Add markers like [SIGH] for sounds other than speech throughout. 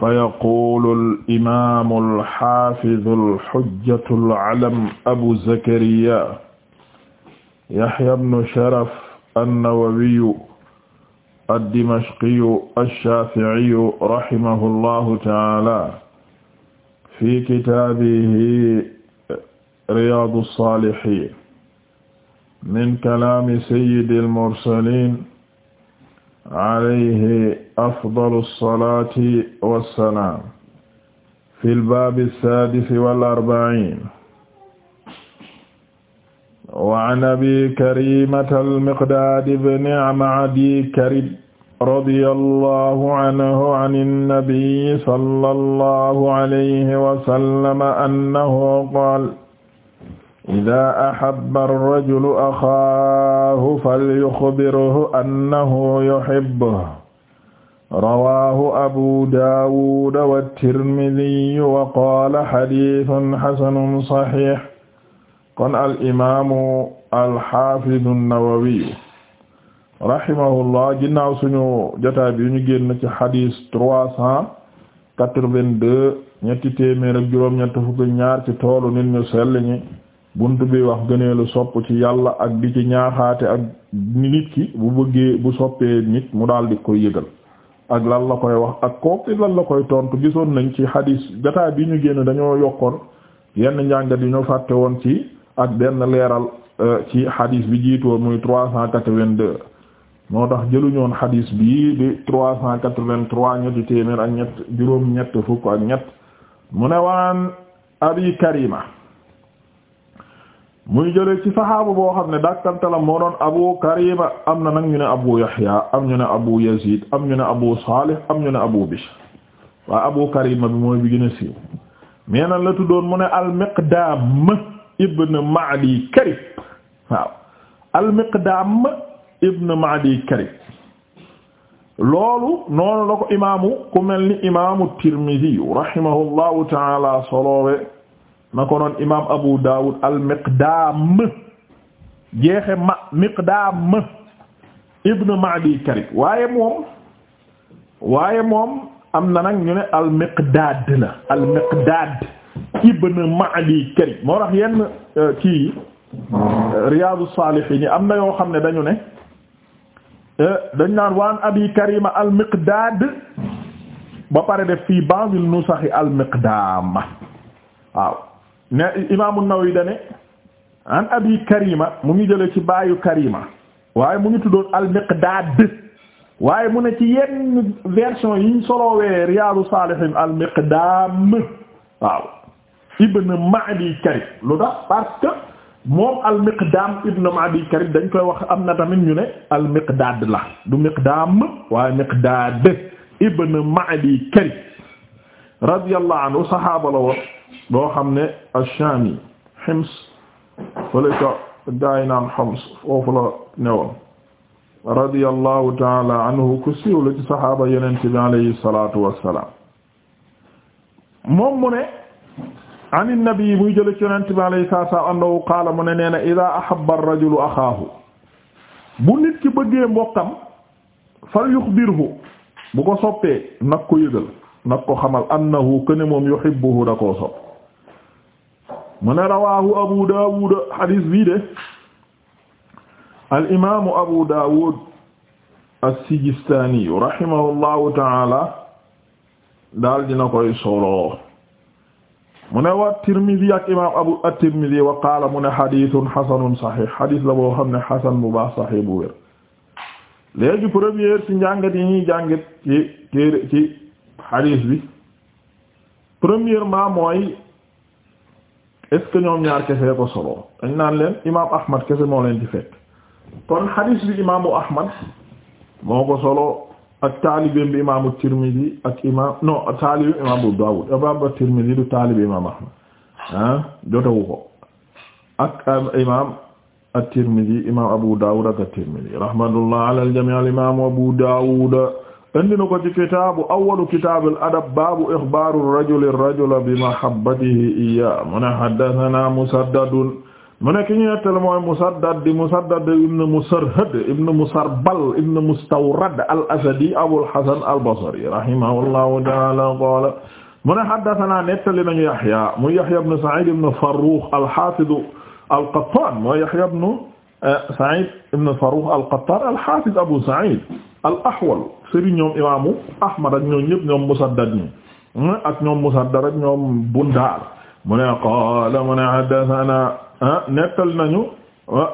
fa yaqulu alimamu alxafidu alxujjatu alalam abu zakariya yaxya bnu sharaf annawawiyu addimashqiyu alshafiiyu rahimahu allahu taala fi kitaabihi riyaadu alsalihin min kalaami sayyidi almursalin alayhi afdalu salaati wa salaam fil baabi saadisi wal arba'iin wa an abi karimata al-miqdaad ibni ma'di karib radiyallahu anhu an an-nabiyyi sallallahu alayhi wa sallam annahu qaala idaa ahabba ar-rajulu axaahu falyuxbirhu annahu yuhibbuhu rawaahu abu daawuda wa tirmidiyu wa qaala xadiisun xasanun saxiix kon al imaamu alxaafidu nawawiyu rahimahullah ginnaaw suñu jotaay ñu génn ci xadiis trois cent quatre-vingt-deux ñetti téeméer juróom-ñett fukki ñaar toolu nit ñu sell ñi bunt bi wax gëneelu ci yàlla ak di ci ñaaxaate ak nit bu bëggee bu soppee nit mu daal di koy yëgal ak lan la koy wax ak kooku lan la koy tontu gisoon nañ ci hadis jotaay bi ñu génn dañoo yokkoon yenn njàngat yi ñu fàtte woon ci ak benn leeral euh, ci hadis bi jiitoo muy trois cent quatre-vingt-deux moo tax jëluñoon hadis bii di trois cent quatre-vingt-trois ñetti téeméer ak ñett juróom ñett fukk ak ñett mu ne waan abi karima muy jëlee ci saxaaba boo xam ne dàkkantalam moo doon abu karima am na nag ñu ne abu yahya am ñu ne abu yazid am ne abu salih am ne abu bishr waaw abu karima bi mooy bi gën a siiw mais nan la tuddoon mu ne al miqdam ibn maadi karib loolu noonu la imaamu ku mel ni imaamu tirmidi rahimahullahu taala soloowe na ko noon imaam Abu Dawud al-Miqdaam jeexe ma Miqdaam ibn Ma'di Karib waaye moom waaye moom am na nag ñu ne al-Miqdaad la al-Miqdaad ibn Ma'di Karib moo tax yenn euh, kii euh, Riyâdous-Sâlihîne am na yoo xam ne dañu ne euh, dañ naan waan abi karima al-Miqdaad ba pare def fii ba'd an-nusakh al-Miqdaam waaw ne imaamu Nawawi dane an abi karima mu ngi jële ci baayu karima waaye mu ngi tuddoon al-Miqdaad waaye mu ne ci yenn version yiñ solowee Riyaadu Saalihiin al-Miqdaam waaw ibn Ma'di Karib lu tax parce que al-Miqdaam ibn Ma'di Karib dañ koy wax am na tamit ñu ne al-Miqdaad la du Miqdaam waaye Miqdaad ibn Ma'di Karib radiyallahu anhu saxaaba la woon boo xam ne ash-Shami Hims fële ca gaay naan Homs foofu la newoon radiyallahu taala anhu ku siiw la saxaaba yonent bi alayhi salaatu wassalaam moom mu ne an nabi muy jële ci yonent bi alayhi salaatu wassalaam annahu qaala ne nee na idaa ahabba ar-rajulu axaahu bu nit ki bëggee mbokkam fal yuxbirhu bu ko soppee nag ko yëgal nag ko xamal annahu kaana moom yuhibbuhu da koo mu rawaahu Abu Dawud hadis bii de al imaamu Abu Dawud as-Sijistaani rahimahullahu taala daal dina koy solo mu ne wa Tirmidi ak imaam Abu at-Tirmidi wa qaala mu ne hadiisun saxiix hadis la boo xam ne hasan bu baax saxiix bu wér léegi première ci njàngat yi ñuy jàngat ci téere ci hadis bi est ce que ñoom ñaar kese ko solo dañ naan leen imam ahmad kese moo leen di fekk kon hadis bi imaamu ahmad moo ko solo ak taalibeem bi imaamu tirmidi ak imam non taalibi imaamu daawud imaamu tirmidi du taalibi imam ahmad ah jotewu ko ak imam at-tirmidi imam abu daawud ak at-tirmidi rahmatullah al imam abu daawud indi na ko ci kitaabu awwalu kitaabul adab baabu ixbaaru rajuli rajula bi mahabbatihi iya mu ne haddathana musaddadun mu ne ki ñu nettale mooy musaddad di musaddad ibn musarhad ibn musarbal ibn mustawrad al asadi abul hasan al basri rahimahullahu ta'ala qala mu ne haddathana nettali nañu yahya mu yahya ibn sa'id ibn farrukh al hafiz al qattan mooy yahya ibn eh, sa'id ibn farrukh al qattan al hafiz abu sa'id al ahwal sëriñ ñoom imaamu Ahmad ak ñoom ñëpp ñoom Musaddad ñi hmm, ak ñoom Musaddad ak ñoom Bundaar mu ne qaala mu ne haddathana nettal nañu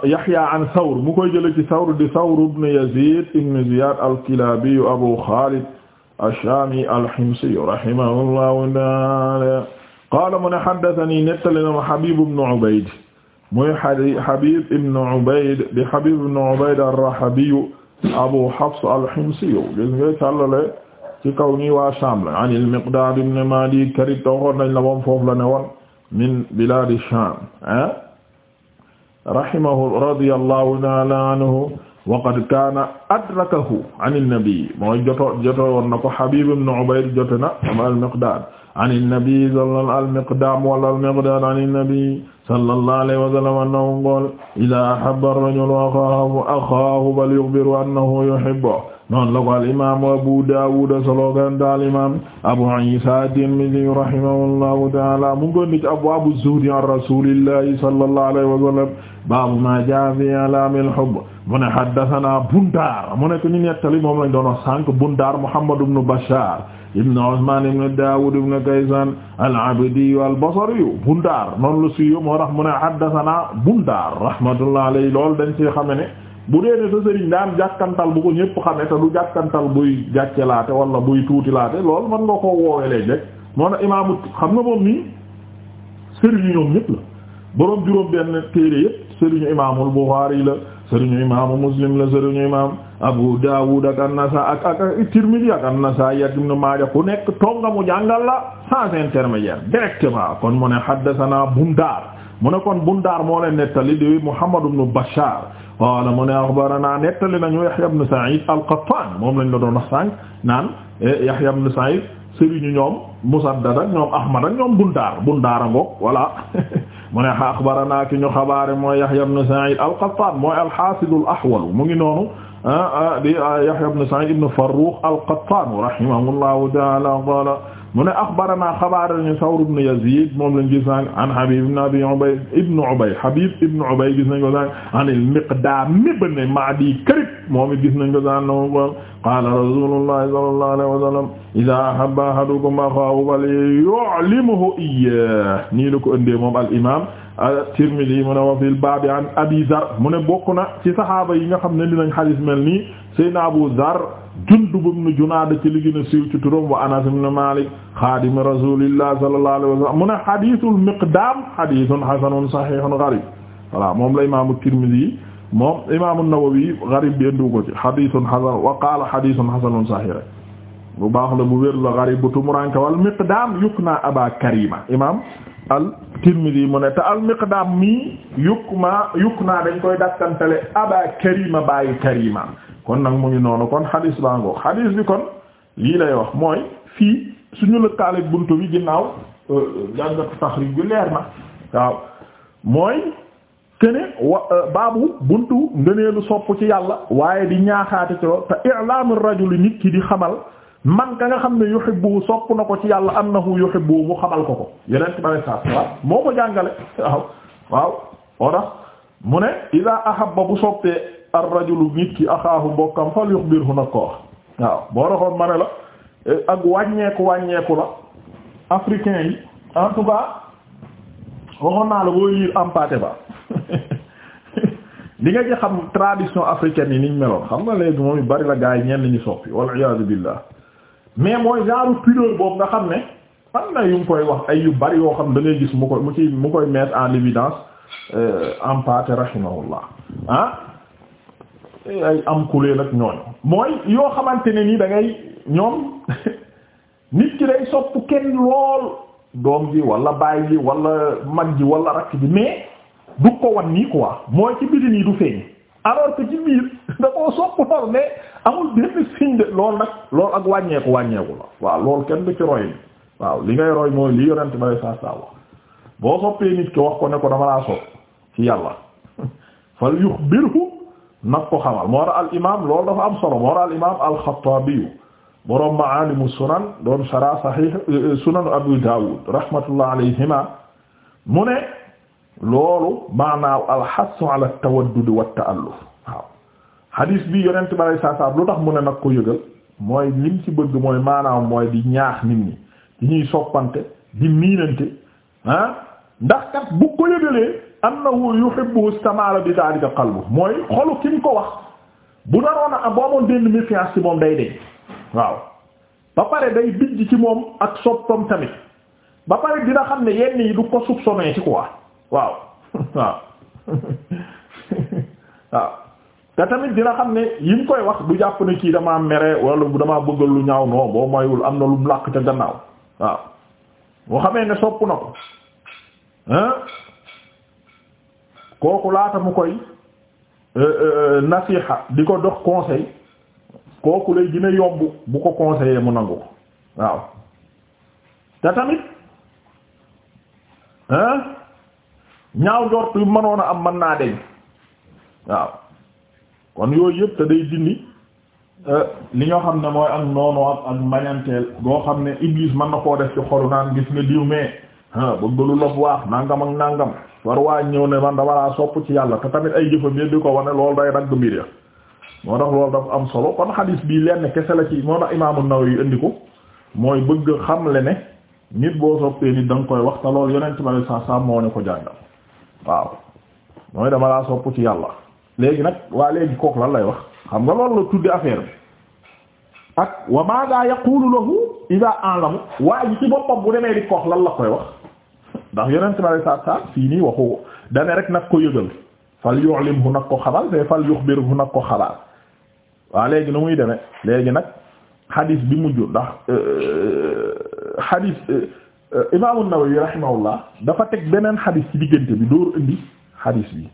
Yahya an Thawr mu koy jële ci Thawr di Thawr ibn Yazid ibn Ziyad al-Kilabi Abu Khalid ash-Shami al-Himsi rahimahullahu ta'ala qaala mu ne haddathani nettali na Habib ibn Ubayd muy Habib ibn Ubayd di Habib ibn Ubayd ar-Rahabi Abu Hafs al-Himsi gis nga càllale ci kaw ñi waa Sham la an al-Miqdaad ibn Maadi karit toxoon nañ la moom foofu la ne woon min bilaadi Sham ah rahimahu radiyallahu ta'ala anhu waqad kaana adrakahu an innabi mooy joto joto woon na ko Habib ibn Ubayd jote na ama al-Miqdaad an innabi sala al-Miqdaam wala al-Miqdaad an innabi sallallahu alayhi wa sallam annahu qaala idaa ahabba ar-rajulu axaahu axaahu falyuxbirhu annahu yuhibbuhu noonu la ko al-imaam Abu Daawuud solo ganta al-imaam Abu Iisaa at-Tirmidhi rahimahullahu ta'aala mu ngoon ci abwaabu zuhdi an rasuulillahi sallallahu alayhi wa sallam baabu maa jaa'a fii i'laamil hubb mu ne haddathana Bundaar mu ne ko ñu nettali moom lañ doon wax sànq Bundaar Muhammad ibn Bashar ibn Usman ibn Dawud ibn Kaysan al-Abdi al-Basri Bundaar noonu la siiw moo tax mu ne haddathana Bundaar rahmatullah alayhi dañ ci xame ne bu dee ne sa sëriñ daan jàkkantal bu ko ñëpp xame te du jàkkantal buy jàccelaate wala buy tuutilaate loolu man nga koo woowee léeg-léeg moo tax imaamu xam na moom nii sëriñu ñoom ñëpp la boroom juróom benn sëriñu imaamu muslim la sëriñu imaam abu daawud ak an-nasa ak ak tirmidhi ak an-nasa yak maaja ku nekk tonga mu jàngal la sans intermédiaire directement kon mu ne haddathana bundaar mu ne kon bundaar moo leen nettali di muhammad ibn bashar qaala mu ne axbarana nettali nañu yahya ibn sa'id al-qattan moom lañ la doon wax sànq naan e, yahya ibn sa'id sëriñu ñoom musaddad ak ñoom ahmad ak ñoom bundaar bundaar a ngoog [LAUGHS] mu ne axbarana ki ñu xabaare mooy Yahya ibn Sa'id al-Qattan mooy al-Hafiz al-Ahwal mu ngi noonu ah, ah, di ah, Yahya ibn Sa'id ibn Farrukh al-Qattan rahimahullahu ta'ala mu ne axbarana xabaarana Sawr ibn Yazid moom lañ gis naan an Habib ibn Abi Ubayd ibn Ubayd Habib ibn Ubayd gis nañ ko saan an al-Miqdaam ibn Ma'di Karib moom it gis nañ ko saan no ko qaala Rasuulullahi sallallahu alayhi wa sallam idaa ahabba ahadukum axaahu falyu'limhu iyyaahu nii la ko ëndee moom al-imaam at-Tirmidhi mu ne wa fil baab an Abi Dharr mu ne bokk na ci saxaaba yi nga xam ne dinañ xadiis mel nii Sayyidina Abu Dharr Jundub ibn Junaada ci li gën a siiw ci turam wa Anas ibn Maalik xaadim rasuulillah sallallahu alayhi wa sallam mu ne hadiisul miqdaam hadiisun hasanun sahiihun gariib voilà moom la imaamu Tirmidi moom imaamu Nawawi gariib bi indi ko ci hadiisun hasan wa qaala hadiisun hasanun sahiih bu baax la bu wér la gariib bu tumuranke wal miqdaam yuknaa Abaa Karima imaam al Tirmidi mu ne te al miqdaam mi yukma yuknaa dañ koy dakkantale Abaa Karima baayu Karima. kon nag mu ngi noonu kon xadis baa ngoog xadis bi kon lii lay wax mooy fii suñu lëkkaaleeg bunt bi ginnaaw euh, euh, jàngatu taxrij bi leer na waaw mooy kene wa euh, baabu buntu ngëneelu sopp ci yàlla waaye di ñaaxaate ci loolu te i'laamul rajuli nit ki di xamal man ka nga xam ne yuhibbu sopp na ko ci yàlla annahu yuhibbu mu xamal ko ko yeneen ci bari saas moo ko jàngale waaw waaw moo tax mu ne idaa ahabba bu soppee ar-rajulu nit ki axaahu mbokkam fal yuxbirhu na ko wax waaw boo taxoon ma la eh, ak wàññeeku wàññeeku la africain yi en tout naa la boo liir empaté ba li [LAUGHS] nga ci xam tradition africain yi niñ meloon xam nga léegi moom yu bari la gaa yi ñenn ñu soppi wal iyaadu billah mais mooy genre pudeur boobu nga xam ne am na yu mu koy wax ay yu bari yoo xam ne ngay gis mu koy mu mu koy mettre en évidence empaté euh, rahimahullah ah ay am kulee nag ñooñ mooy yoo xamante ne nii da ngay ñoom [LAUGHS] nit ki day sopp kenn lool doom ji wala baay ji wala mag ji wala rakk ji mais du ko wan nii quoi mooy ci biti nii du feeñ alors que ci biir [LAUGHS] da koo sopp lool mais amul benn ak wàññeeku wàññeeku waaw loolu kenn du ci roy waaw li ngay roy mooy li yonent ba saa saa wax boo soppee nit ki wax ko ne ko dama laa sopp ci yàlla [LAUGHS] fal yuxbirhu nag ko xamal moo tax al imaam loolu dafa am solo moo tax al imaam al-Xattaabi boroom Sunan doon sara Sahih Sunan Abu Daawud rahmatullah alayhima mu ne loolu maanaaw al ala at-tawaddud wa at-ta'alluf bi yonent bi alayhi salaam lu tax mu ne nag ko mooy lim bëgg mooy maanaaw mooy di ñaax nit di ñuy soppante di miinante ah ndax kat bu ko annahu yuhibbu istamala bi dhalika qalbu mooy xolu ki mu ko wax bu naroon a am boo amoon benn méfiance ci moom day deñ waaw ba pare day bijj ci moom ak soppam tamit ba pare dina xam ne yenn yi du ko soupçonné ci [LAUGHS] [LAUGHS] dina xam ne yi mu koy wax du jàpp ne kii damaa mere wala damaa bëggal lu ñaaw non boo moywul am na lu mu làq ca gannaaw waaw boo xamee ne sopp na ko hein kooku laata mu koy euh, euh, nasiha di ko dox conseil lay gën a yomb bu ko conseiller mu nangu waaw te tamit hein ñaaw njort yu mënoon a am man naa deñ waaw kon yooyu yëpp te day dindi euh, li ñoo xam ne mooy ak noonu ak ak mbañanteel goo xam ne Iblis man na koo def ci xolu naan gis nga diw mais bëgg la bu waax nangam ak nangam war waa ñëw ne man dama laa sopp ci yàlla te tamit ay jëfam yëpp di ko wane loolu day dagg mbir ya moo tax loolu dafa am solo kon xadiis bii lenn kese la ci moo tax imaamu An-Nawawi indi ko mooy bëgg xamle ne nit boo soppee nit da koy wax te loolu yonent bi saa alayhi moo ne ko jàngal waaw mooy dama laa sopp ci yàlla léegi nag waa léegi kook lan lay wax xam nga loolu la tudde affaire bi ak wa maa daa yaqulu lahu idaa a'lamu waa ji ci boppam lan la koy wax ndax yeneen si ma lay saat saat nii waxu dane rek nag ko yëgal fal yu'limhu nag ko xabaar te fal yukhbirhu nag ko xabaar waa léegi nu muy demee léegi nag xadiis bi mujj ndax euh, xadiis euh, Imaam An-Nawawi rahimahullah dafa teg beneen xadiis ci diggante bi door indi xadiis bi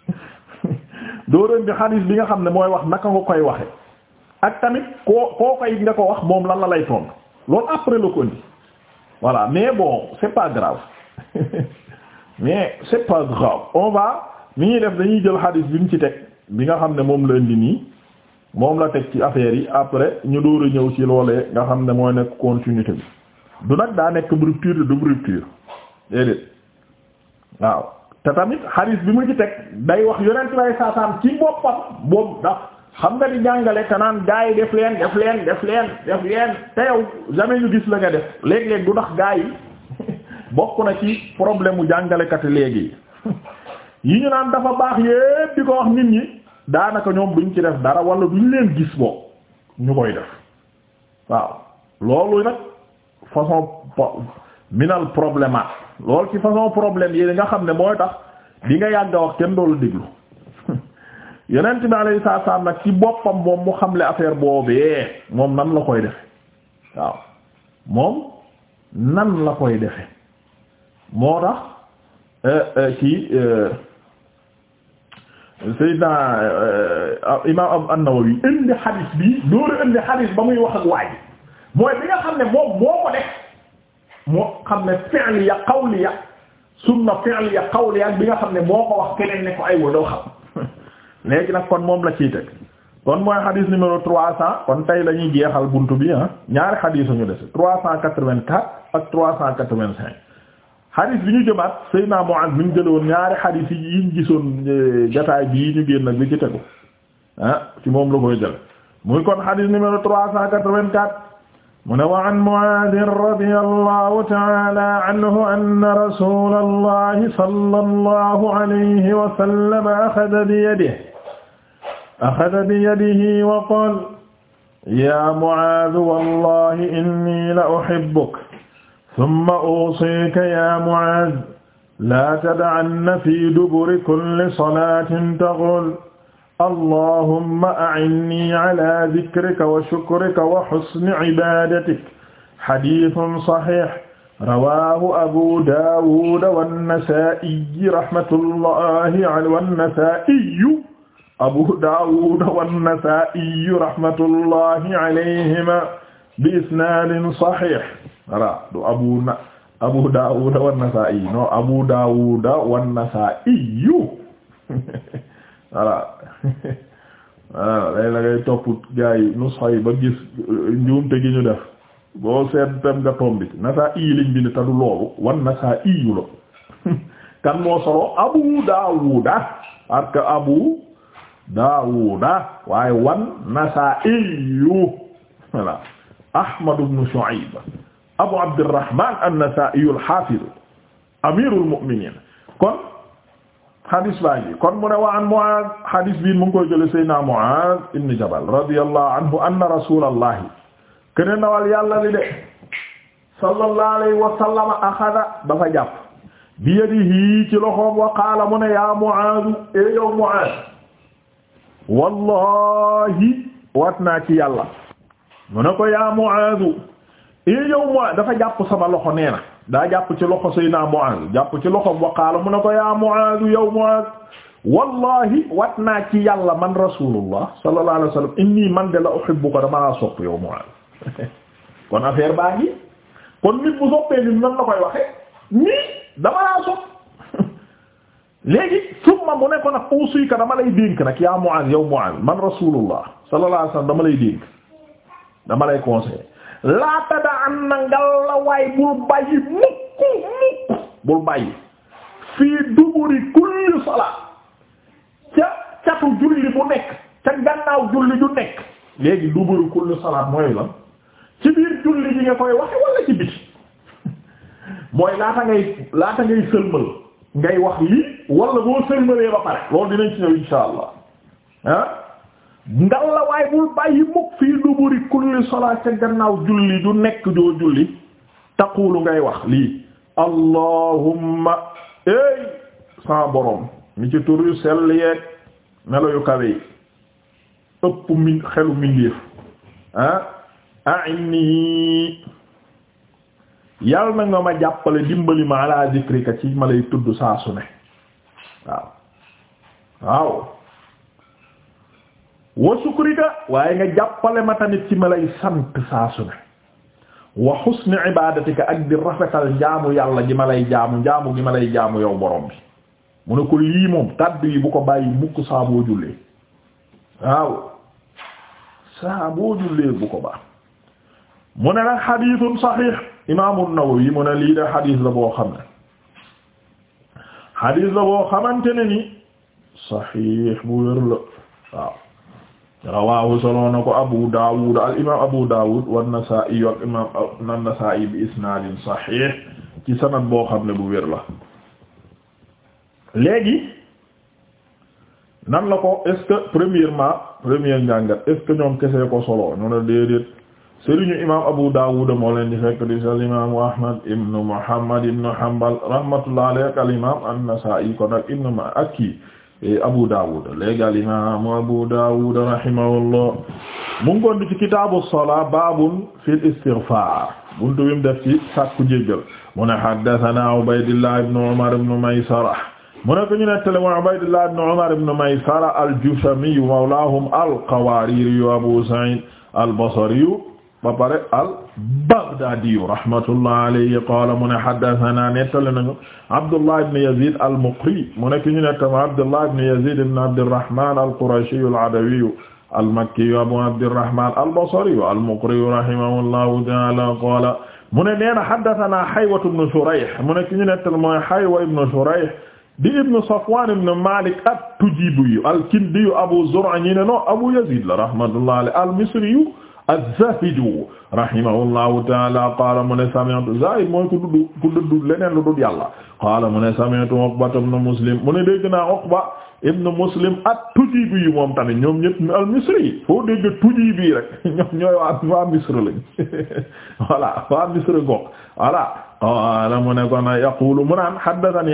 [LAUGHS] door indi xadiis bi nga xam ne mooy wax naka nga koy waxe ak tamit koo koo koy nga ko wax moom lan la lay tontu loolu après la ko indi voilà mais bon c'est pas grave [LAUGHS] mais c'est pas grave on va ni ñuy def dañuy jël xadis bi mu ci teg bi nga xam ne moom la indi nii moom la teg ci affaire yi après ñu dóor a ñëw ci loolee nga xam ne mooy nekk continuité bi du nag daa nekk rupture du double rupture déedéet waaw te tamit xadis bi mu ci teg day wax yonent lay saasaam ci boppam boobu ndax xam nga di jàngale te naan gaa yi def leen def leen def leen def leen te yow jamais yu gis la nga def léeg-léeg du ndax gaa yi [LAUGHS] bokk na ci problème mu jàngalekat léegi [LAUGHS] yi ñu naan dafa baax yépp di ko wax nit ñi daanaka ñoom duñ ci def dara wala duñ leen gis boobu ñu koy def waaw loolu nag façon minal problème loolu ci façon problème yi nga xam ne mooy tax di nga yàgg a wax kenn doolu déglu yonent bi alayhi salaam nag ci boppam moom mu xamle affaire boobee moom nan la koy defe waaw moom nan la koy defe moo tax euh, euh, ci euh, Seydina Imaam An-Nawawi indi xadis bi dóoru indi xadis ba muy wax ak waay mooy bi nga xam ne moom moo ko def moo xam ne fi'li ya qawli ya sunna fi'li ya qawli ya bi nga xam ne moo ko wax keneen ne ko ay wa doo xam léegi nag kon moom la ciy teg kon mooy xadis numéro trois cent kon tey la ñuy jeexal buntu bi ah ñaari xadis ñu dese trois cent quatre-vingt-quatre ak trois cent quatre-vingt-cinq xadis bi ñu jëmaat Seydina Mu'adh mi ñu jëloon ñaari xadis yi ñu gisoon eh, jotaay bii ñu génn nag li ci tegu ah ci moom la koy jël muy kon xadis numéro trois cent quatre-vingt-quatre mu ne wa an Mu'adh radiyallahu ta'ala anhu anna rasulallahi sallallahu alayhi wa sallam akhadha bi yadihi axada biyadihi wa qaal yaa Mucaaz wallahi inni la uhibbuk summa uusika yaa Mucaaz laa tada'anna fi duburi kulli salaatin taqul allahumma a'inni ala dikrika wa shukrika wa husni cibaadatik xadiisun saxiix rawaahu abu daawuda wannasaa'iyu rahmatullahi alayhi wannasaa'iyu abu daawud wa nasaa'i rahmatullahi alayhima bi isnaadin saxiix voilà du abu na abu daawud wa nasaa'i non abu daawud wa nasaa'i [LAUGHS] voilà voilà léegi la topp gars nusxa yi ba gis njuumte gi ñu def boo seet tem nga tombi nasaa'i liñ bind te du loolu wa nasaa'i la [LAUGHS] kan moo solo abu daawud parce abu daawuda waaye wan nasaiyu voilà ahmad ibn shu'ayb abu abdirrahman an-nasaiyu al-hafiz amirul mu'minin kon hadis baa ngi kon mu ne wa an mu'az hadis bi mu ngi koy jële sayyidina mu'az ibn jabal radiyallahu anhu anna rasulallahi kene nawal yàlla li de sallallahu alayhi wa sallam axada dafa jàpp bi yadihi ci loxoom wa qaala mu ne ya mu'az e yow mu'az wallahi wat naa ci yàlla mu ne ko yaa Mu'aaz i eh yow Mu'aaz dafa jàpp sama loxo nee daa jàpp ci loxo Seydina Mu'aaz jàpp ci loxo waqaala mu ne ko yaa Mu'aaz yow Mu'aaz wallahi waat naa ci yàlla man rasulullah sallallahu alayhi wa sallam inni man de la uhibbuka dama laa sopp yow Mu'aaz [LAUGHS] kon affaire baa ngi kon nit bu soppee nit nan la koy waxe nii dama laa sopp léegi summa mu ne nag uusika dama lay dénk nag yaa Mu'aaz yow Mu'aaz man rasulullah sallallahu alayhi wasallam dama lay dénk dama lay conseiller laa tada'an na ngal la waay bul bàyyi mukk mukk bul bàyyi fii duburi kulli salaat ca catu julli bu nekk ca gannaaw julli ju nekk léegi duburi kulli salaat mooy lan ci biir julli ji nga koy waxe wala ci biti [LAUGHS] mooy laata ngay laata ngay sëlmal ngay wax lii wala boo sëlmalee ba pare loolu dinañ ci ñëw insha allah ah? ngal la waaye bul bàyyi mukk fii duburi kulli salaat ca gannaaw julli du nekk joo julli taqulu ngay wax lii allahumma ey sa borom mi ci turu sell yeeg melo yu kawe ëpp min xelu mindéef ah ainii yal na nga ma jàppale dimbali ma ala zikrika ci ma lay tudd saa su waaw waaw wa sukrika waaye nga jàppale ma tamit ci ma lay sant saa su wa husni ibadatika ak di rafetal jaamu yàlla ji ma lay jaamu jaamu gi ma lay jaamu yow borom bi mu ne ko lii moom kàddu yi bu ko bàyyi mukk saa jullee waaw saa jullee bu ko baax mu ne nag xadiisun saxiix imaamu Nawawi mu ne lii de xadis la boo xam ne xadis la boo xamante ne ni saxiix bu wér la waaw rawaahu solo na ko Abu Dawud al imaam Abu Dawud wa Nasaa'i imaam an-Nasaa'i bi isnaadin saxiix ci sanad boo xam ne bu wér la léegi nan la ko est-ce premièrement première njàngat est ñoom kese ko solo ñu ne déedéet. sëriñu imam Abu Dawud moo leen di fekk di sal imamu Ahmad ibnu Muhammad ibnu Hanbal rahmatullah alayhi ak al imam an-Nasa'i kon ak ibnu ma ak kii e, Abu Dawud léegi al imamu Abu Dawud rahimahullah mu ngi koon di ci kitaabu salaa babun fil istighfar buntu bi mu def ci sàkku jéggal mu ne haddathana Ubaydullah ibnu Umar ibnu Maysara mu ne ko ñu nettale mooy Ubaydullah ibnu Umar ibnu Maysara al-Jushami mawlahum al-Qawariri Abu Sa'id al-Basri ba pare al-Baghdadi rahmatullah alayhi qaala mu ne haddathana nettali nañu Abdullah ibn Yazid al-Muqri mu ne ki ñu nettama Abdullah ibn Yazid ibn Abdirrahman al-Qurashi al-Adawi al-Makki Abu Abdirrahman al-Basri al-Muqri rahimahullahu ta'ala qaala mu ne nee na haddathana Haywa ibn Shurayh mu ne ki ñu nettali mooy Haywa ibn Shurayh di ibn Safwan ibn Malik at-Tujibi al-Kindi Abu Zur'a ñi ne no Abu Yazid la rahmatullah alayhi al-Misri az-Zahiju rahimahullahu taala qaala mu ne sami'tu Zahid mooy ku dudd ku dudd leneen lu dul yàlla qaala mu ne sami'tu Uqba ibn Muslim mu ne dégg naa Muslim at-Tujibi yi moom ñoom ñëpp al-Misri yi foo dégg Tujibi rek [LAUGHS] ñoom ñooy waa waa Misr lañ [LAUGHS] voilà waa Misr gox voilà qaala mu ne kon yaqulu mu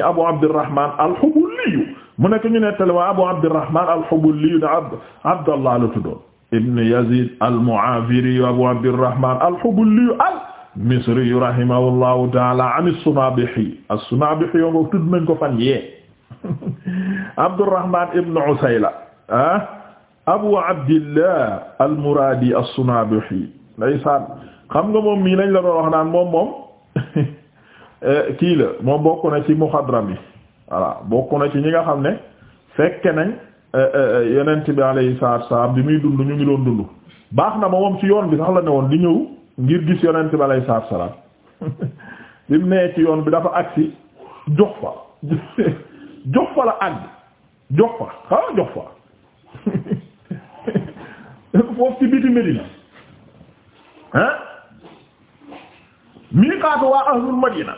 Abu Abdirrahman al-Hubuli mu ne ñu nettali ma Abu Abdirrahman al-Hubuli da Abd ibn yazid al-mu'afiri abu abdirrahman al-hubuli al-misri rahimahullahu taala an as-sunabihi as-sunabihi yoo ngo tudd nañ ko fan yee [LAUGHS] abdurrahman ibn usayla ah abu abdillah al-muradi as-sunabihi ndeysaan xam nga moom mii lañ la doon wax naan moom moom [LAUGHS] kii la moom bokk na ci muxadram yi voilà bokk na ci ñi nga xam ne fekke nañ Eh, eh, eh, yonent bi alayhi salaatu salaam bi muy dund ñu ngi doon dund baax na ma moom ci yoon bi sax la ne woon di ñëw ngir gis yonent bi alayhi salaatu salaam [LAUGHS] bi mu nee ci yoon bi dafa agsi jox fa [LAUGHS] jox fa la àgg jox fa xaw jox fa [LAUGHS] foofu ci biti Medina ah miiqaatu waa ahlul Madina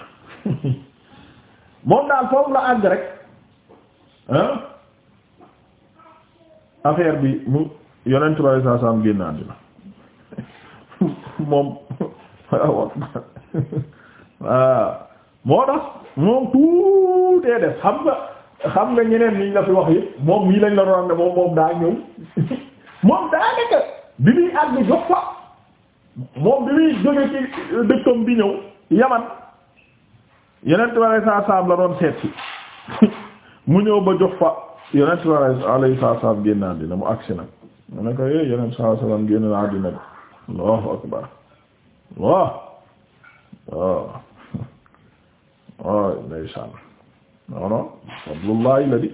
moom daal foofu la àgg rek ah. affaire bi mu yonent bi sallallahu alayhi wasallam génn àddina moom waaw moo tax moom tuutee def xam nga xam nga ñeneen ñi la fi wax yëpp moom mii lañ la doon ne moom moom daa ñëw moom daa nekk bi muy àgg jox fa moom bi muy jóge ci dëkkam bi ñëw yaman yeneen bi sallallahu alayhi la doon seet si [LAUGHS] mu ñëw ba jox fa yeneen si wàllu alayhi salaam génn àddina mu agsi nag mu ne ko eh, Allahu akbar waaw waaw waaw ndeysaan non non fadlullahi la di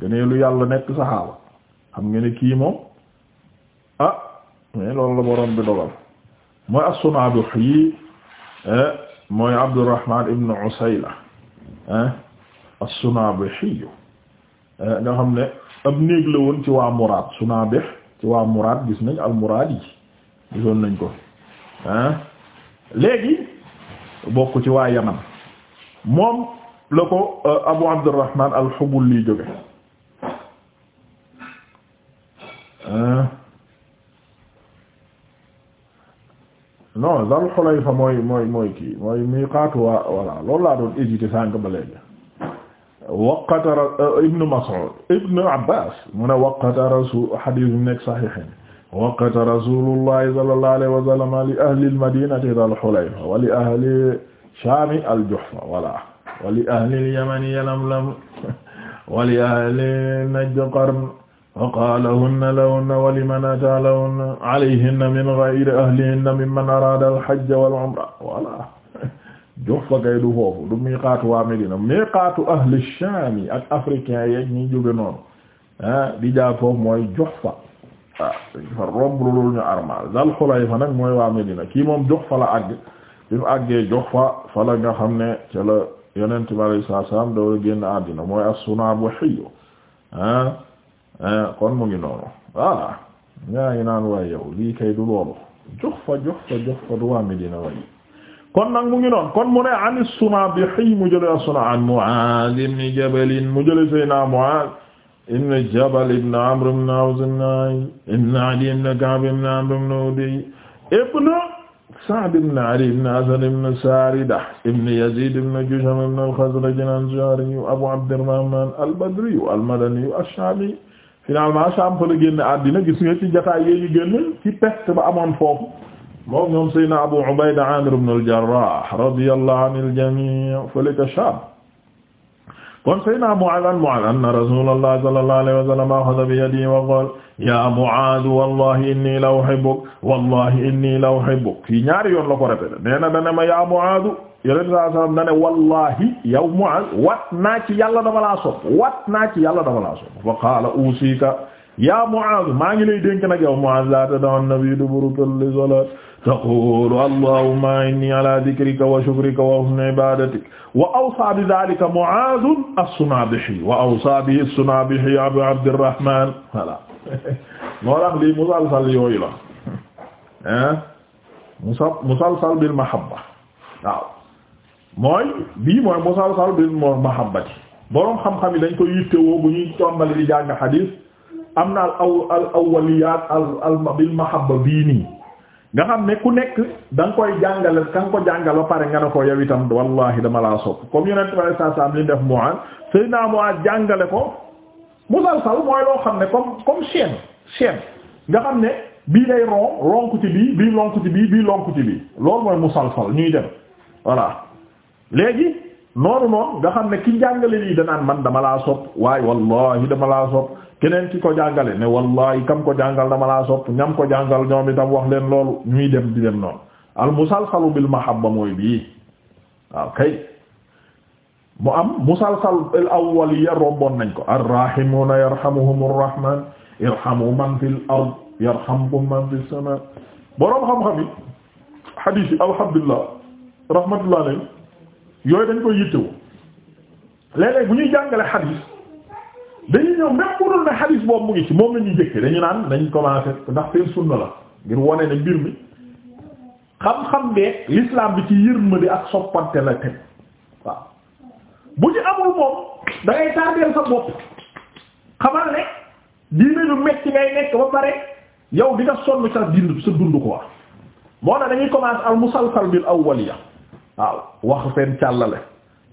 gënee lu yàlla nekk saxaaba xam nga ne kii ah mais loolu la bi dogal mooy as-Sunaabihi eh, mooy Abdurrahmaan ibn Usayla eh, as-Sunaabihi Euh, nga xam ne ab néeg la woon ci waa Muraad Sunaabih ci waa Muraad gis nañ al Muraadi yi gisoon nañ ko léegi bokk ci waa Yaman moom la ko euh, Abu Abdurrahman al-Hubuli jóge non Zul Hulayfa mooy mooy mooy kii mooy miiqaatu waa voilà loolu laa doon hésité sànq ba léegi waqata euh, ibnu Mas'ud ibnu Abbas mu ne waqata rasul hadis bi nekk sahihayn waqata rasulullahi sallallahu alayhi wa sallam li ahli al-madinati al-hulayfa wa li ahli shami al-juhfa wala wa li ahli al-yamani yalamlam wa li ahli najd qarn waqaala hunna lahunna wa liman ataa lahunna alayhinna min ghayri ahlihinna mimman araada al-hajja wal-umra wala Juhfa gay du foofu du miiqaatu waa Medina miiqaatu ahli Shaam ak africain yeeg ñi jóge noonu ah di jaar foofu mooy Juhfa waaw fa ah, romb lu ñu armal Dul Xulayfa nag mooy waa Medina kii moom Juhfa la àgg bi mu àggee Juhfa fa la nga xam ne ca la Yonent bi alayhi salaam doo génn àddina mooy as-Sunaabihi ah, ah kon mu ngi noonu voilà ñaa naan waay yow lii kay du loolu Juhfa Juhfa Juhfa du waa Medina waay. kon nag mu ngi noon kon mu ne an as-Sunaabihi mu jële as-Sunaa an Mu'aaz ibn Jabal mu jële Seydina Mu'aaz ibn Jabal ibn Amr ibn Awf ibn Adiy ibn Ka'b ibn Amr ibn Udiy ibn Sa'd ibn Ali ibn Asad ibn Saarida ibn Yaziid ibn Jusham ibn al-Khazraj al-Ansaari Abu Abdirrahmaan al-Badri al-Madani ash-Shaabi finalement Sham fa la génn àddina gis nga ci jotaay yi génn ci peste ba amoon foofu moom ñoom Seydina Abu Ubayda Amir ibn al-Jarrah radiyallahu anil jamii' fële ca Shaam kon Seydina Mu'aaz Mu'aaz anna rasuulallahi sallallahu alayhi wa sallam axada bi yadihi wa qaala yaa Mu'aaz wallahi inni la uhibbuk wallahi inni la uhibbuk fii ñaari yoon la ko répété nee na dana ma yaa Mu'aaz yeneen saa salaam na ne wallaahi yow Mu'aaz wat naa ci yàlla dama laa sopp wat naa ci yàlla dama laa sopp fa qaala uusika yaa Mu'aaz maa ngi lay dénk nag yow Mu'aaz la tada'an nabi duburuka li salaat taqulu allahumma inni ala dhikrika wa shukrika wa husni ibadatik wa awsa bi dhalika Mu'aaz as-Sunabihi wa awsa bihi as-Sunabihi Abu Abdirrahman voilà [LAUGHS] moo tax lii musalsal yooyu la ah musalsal bil mahabba waaw mooy bii mooy musalsal bil mahabbati boroom xam-xam yi dañ koy yittewoo bu ñuy tombali di jàng xadiis am na al aw al awwaliyaat al al bil mahabba bii nii nga xam ne ku nekk da koy jàngale ka ko jàngal ba pare nga ne ko yow itam wallahi dama laa sopp comme yonent bi saa saa am li def Mu'aaz Seydina Mu'aaz jàngale ko musalsal mooy loo xam ne comme comme chaîne nga xam ne bii day ron ronku ci bii bii lonku ci bii loolu mooy musalsal ñuy dem voilà léegi noonu noonu nga xam ne ki jàngale lii danaan man dama laa sopp waaye wallahi dama laa sopp keneen ki ko jàngale ne wallahi kam ko jàngal dama laa sopp ñam ko jàngal ñoom itam wax leen loolu ñuy dem di dem noonu al musalsalu bil mahabba mooy bii waaw kay mu am musalsal al awwaliya romboon nañ ko arrahimuna yarhamuhumur rahman irhamu man fil ard yarhamkum man fis sama boroom xam-xam yi hadith yi alhamdulillah rahmatullah alayhi yooyu dañ koy yittewu léeg bu ñuy jàngale hadith dañuy ñëw même bu ne xadiis boobu mu ngi ci moom la ñuy jëkke dañu naan dañ commencé ndax seen sunna la ngir wone ne mbir mi xam-xam de l'islam bi ci yërmande ak soppante la teg waaw bu ci amul moom da ngay sa bopp xamal ne diine lu metti ngay nekk ba pare yow di nga sonn sa dind sa dund quoi moo na dañuy commencé al musalsal bil awwaliya waaw wax seen càllale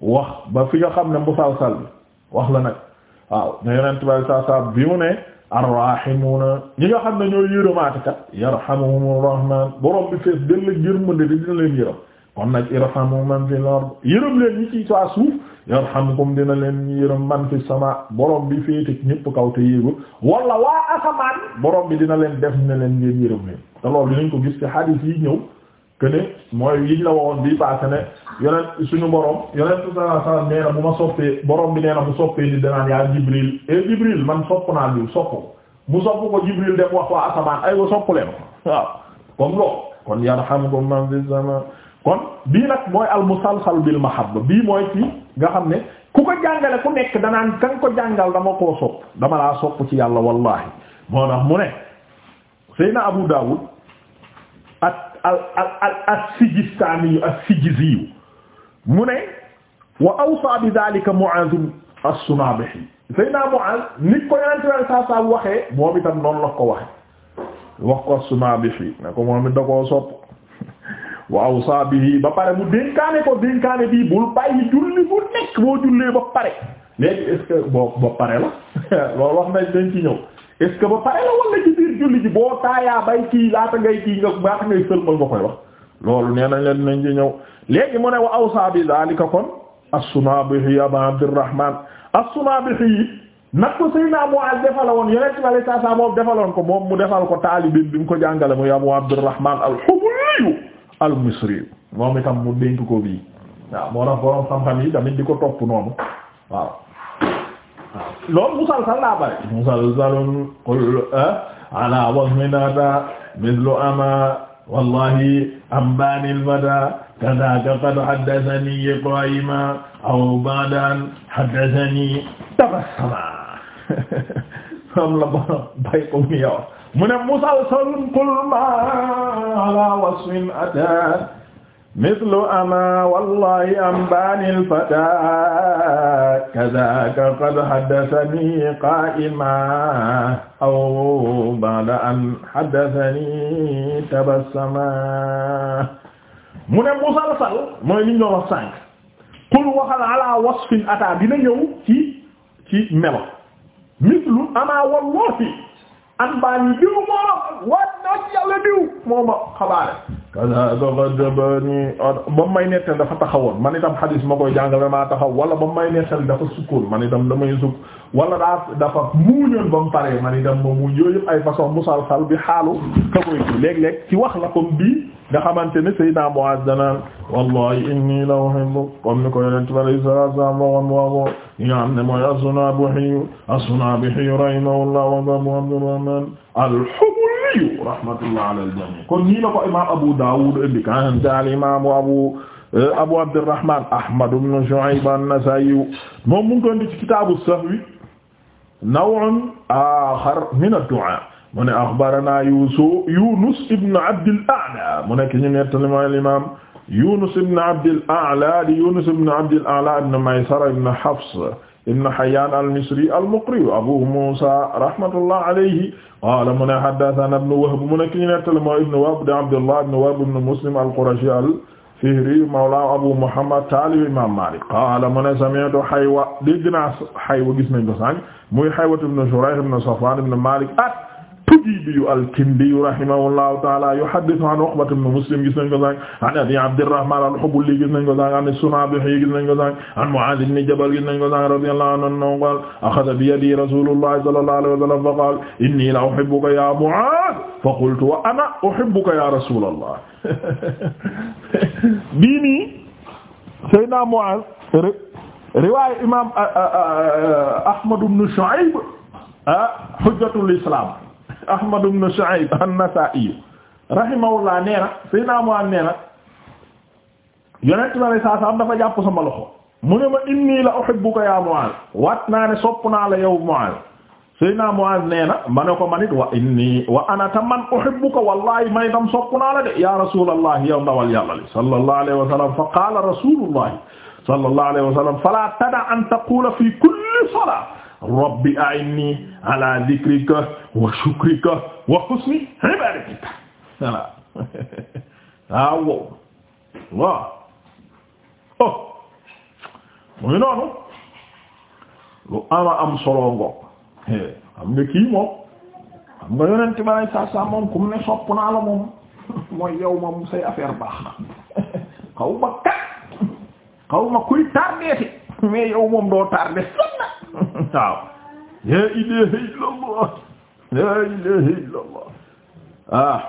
wax ba fi nga xam ne musalsal bi wax la nag waaw ne yonent bi saa saa bi mu ne arrahimuuna ñi nga xam ne ñooy yërëmaate kat yarhamuhumur rahmaan borom bi fees dëll yërmande dina leen yërëm kon nag irhamu man fil ard yërëm leen ñi ci saa suuf yarhamkum dina leen yërëm man fi sama borom bi féete ñëpp kaw te yéegul wala waa asamaan borom bi dina leen def ne leen ngeen yërëm leen te loolu dinañ ko gis ci hadith yi ñëw que ne mooy yiñ la waxoon bii paase ne yonent suñu borom yonent sallallahu alayhi wasallam bu ma soppee borom bi nee na bu soppee ni danaan yaa Jibril e Jibril man sopp naa bi sopp mu sopp ko Jibril dem wax waa asamaan ay wa sopp leen waaw comme loolu man fi sama kon bii nag mooy al musalsal bil mahabba bii mooy ci nga xam ne ku ko jàngale ku nekk danaan kan ko jàngal dama koo sopp dama laa sopp ci yàlla wallahi moo tax mu ne Seydina Abu Dawud al al al as-Sijistaani as-Sijizi mu ne wa awsa bi daalika Mu'aaz as-Sunaabihi Seydina Mu'aaz nit ko yonent bi saa saa waxee moom itam noonu la ko waxee wax ko as-Sunaabihi ne ko moom it da koo sopp [LAUGHS] wa awsa bihi ba pare mu dénkaane ko dénkaane bii bul bàyyi julli bu nekk boo jullee ba pare léegi est-ce que boo ba pare la [LAUGHS] loolu wax nañ dañ ci ñëw. est ce que ba pare la wala ci biir julli boo taayaa bay kii laata ngay kii nga baax ngay sëlmal nga koy wax loolu nee nañ leen nañ ci ñëw léegi mu ne wa awsa bi zalika kon as-Sunaabihi Abu Abdurrahman as-Sunaabihi nag ko Seydina Mu'aaz defal woon yonent bi saa ko moom mu defal ko taalibin bi mu ko Abu Abdurrahman al-Hubuli al-Misri moom itam mu dénk ko bii waaw moo tax borom xam-xam yi tamit di ko topp noonu waaw. loolu musalsal laa bare musalsalun qul ala wasmin ata mislu ama wallahi ambanil mada kadaka qad haddathani qaima aw ba'dan haddathani tabassama am la ba bay ko mu yow mu ne musalsalun qul ma ala wasmin ata mislu ama wallahi ambaanil fataa kazaaka qad haddasani qaa'ima aw ba'da an haddasani tabassama mu ne musalsal mooy li ñu doon wax sànq qul waxal ala wasfin ata dina ñëw ci ci melo mislu ama wallahi ambaanil diw moo wax ak yàlla diw moo ma xabaare ba mu may nettal dafa taxawoon man itam xadiis ma koy jàngale maa taxaw wala ba mu may nettal dafa sukkoon man itam damay sukk wala daa dafa muuñoon ba mu paree man itam ma muuñ yooyu yëpp ay façon musalsal bi xaalu ka koy ci léeg-léeg ci wax la comme bii nga xamante ne Seydina Muaz danaan wallahi inni la uhibbu comme ni ko yonent bi alayhi salaatu wa salaam waxoon waawoo ñi nga xam ne mooy as-Sunaabihi as-Sunaabihi rahimahullah wa Abu Abdurrahmaan Tirmidhi rahmatullah ala al-jami kon nii la ko imaam Abu Dawud indi kan daal imaam Abu eh, Abu Abdurrahman Ahmad ibn Shu'ayb an-Nasa'i moom mu ngi ko indi ci kitaabu sahwi naw'un akhar min ad-du'a mu ne akhbarana Yusuf Yunus ibn Abd al-A'la mu nekk ñu nettali mooy al-imam Yunus ibn Abd al-A'la di Yunus ibn Abd al-A'la ibn Maysara ibn Hafs ibn Hayyan al-Misri al-Muqri Abu Musa rahmatullah alayhi qala mu ne haddathana ibn Wahb mu ne ki ñu nettali moo ibn Wahb de Abdullah ibn Wahb ibn Muslim al-Qurashi al-Fihri mawla Abu Muhammad talib imam Malik qala mu ne sami'tu Haywa dégg naa Haywa gis nañ ko sànq muy Haywa ibn Shurayh ibn Safwan ibn Malik at tujibiyu alkindiyu rahimahullahu taala yuhaddithu an Uqbata ibn Muslim gis nañ ko sànq an Abi Abdirrahman al-Hubuli gis nañ ko sànq an as-Sunabihi gis nañ ko sànq an Mu'adh ibn Jabal gis nañ ko sànq radiyallahu anhu qaala akhadha bi yadi rasulullah sallallahu alayhi wa sallam fa qaala inni la uhibbuka ya Mu'adh fa qultu wa ana uhibbuka ya rasulullah [LAUGHS] bii nii Seydina Mu'adh riwaaya imaam Ahmad ibn Shu'ayb ah, hujjatul islam Ahmad ibn Shu'ayb an-Nasa'i rahimahullah nee na sëy naa mu am nee na yonent bi alayhi salaam dafa jàpp sama loxo mu ne ma inni la uhibbuka ya Mu'aaz waat naa ne sopp naa la yow Mu'aaz sëy naa Mu'aaz nee na ma ne ko manit wa inni wa ana tam man uhibbuka wallahi man itam sopp naa la de ya Rasuulallah yow ndawal yàlla li sallallahu alayhi wa sallam fa qaala Rasuulullah sallallahu alayhi wa sallam fala tada an taqula fi kulli salaat rabbi a'inni ala dhikrika wa shukrika wa husni ibadatika voilà [LAUGHS] ah, waaw waaw oh muy lu ama am solo ngoog xam nga kii moom xam nga yonent saa saa moom ne sopp naa la moom [LAUGHS] mooy yow moom say affaire baax na [LAUGHS] xaw ma kat xaw ma kuy tardé mais yow moom doo tardé sonn [LAUGHS] waaw la ilaha illa allah la ah.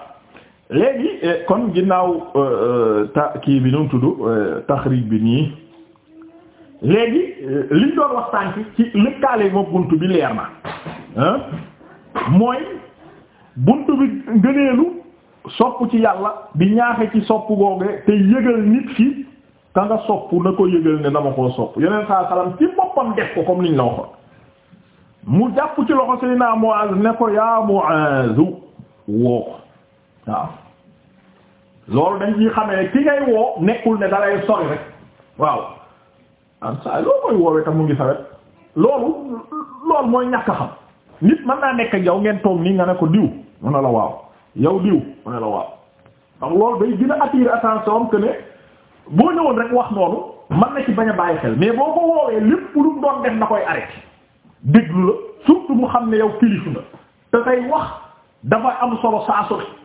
léegi eh, kon ginnaaw euh, euh, ta kii bi nu tudd euh, taxrij bi nii léegi liñ doon waxtaan ci lëkkaale moom bunt bi leer na mooy bunt bi ngëneelu sopp ci yàlla bi ñaaxe ci sopp googe te yëgal nit ki ka nga sopp na ko yëgal ne dama koo sopp yeneen saa salaam ci boppam def ko comme niñ la waxoon mu jàpp ci loxo Seydina Muaz ne ko yaa Muaz woo ko waaw loolu dañ ciy xamee ki ngay woo nekkul ne dalay sori rek waaw am ah, saa loo koy woowee tam mu ngi sawet loolu loolu mooy ñàkk xam nit mën naa nekk ak yow ngeen toog nii nga ne ko diw mu la waaw yow diw mu ne la waaw ndax loolu day gën a attirer attention que boo ñëwoon rek wax noonu man na ci bañ a bàyyi xel mais boo ko woowee lépp lu mu doon def na koy arrêté déglu la surtout mu xam ne yow kilifa nga te say wax dafa am solo saa su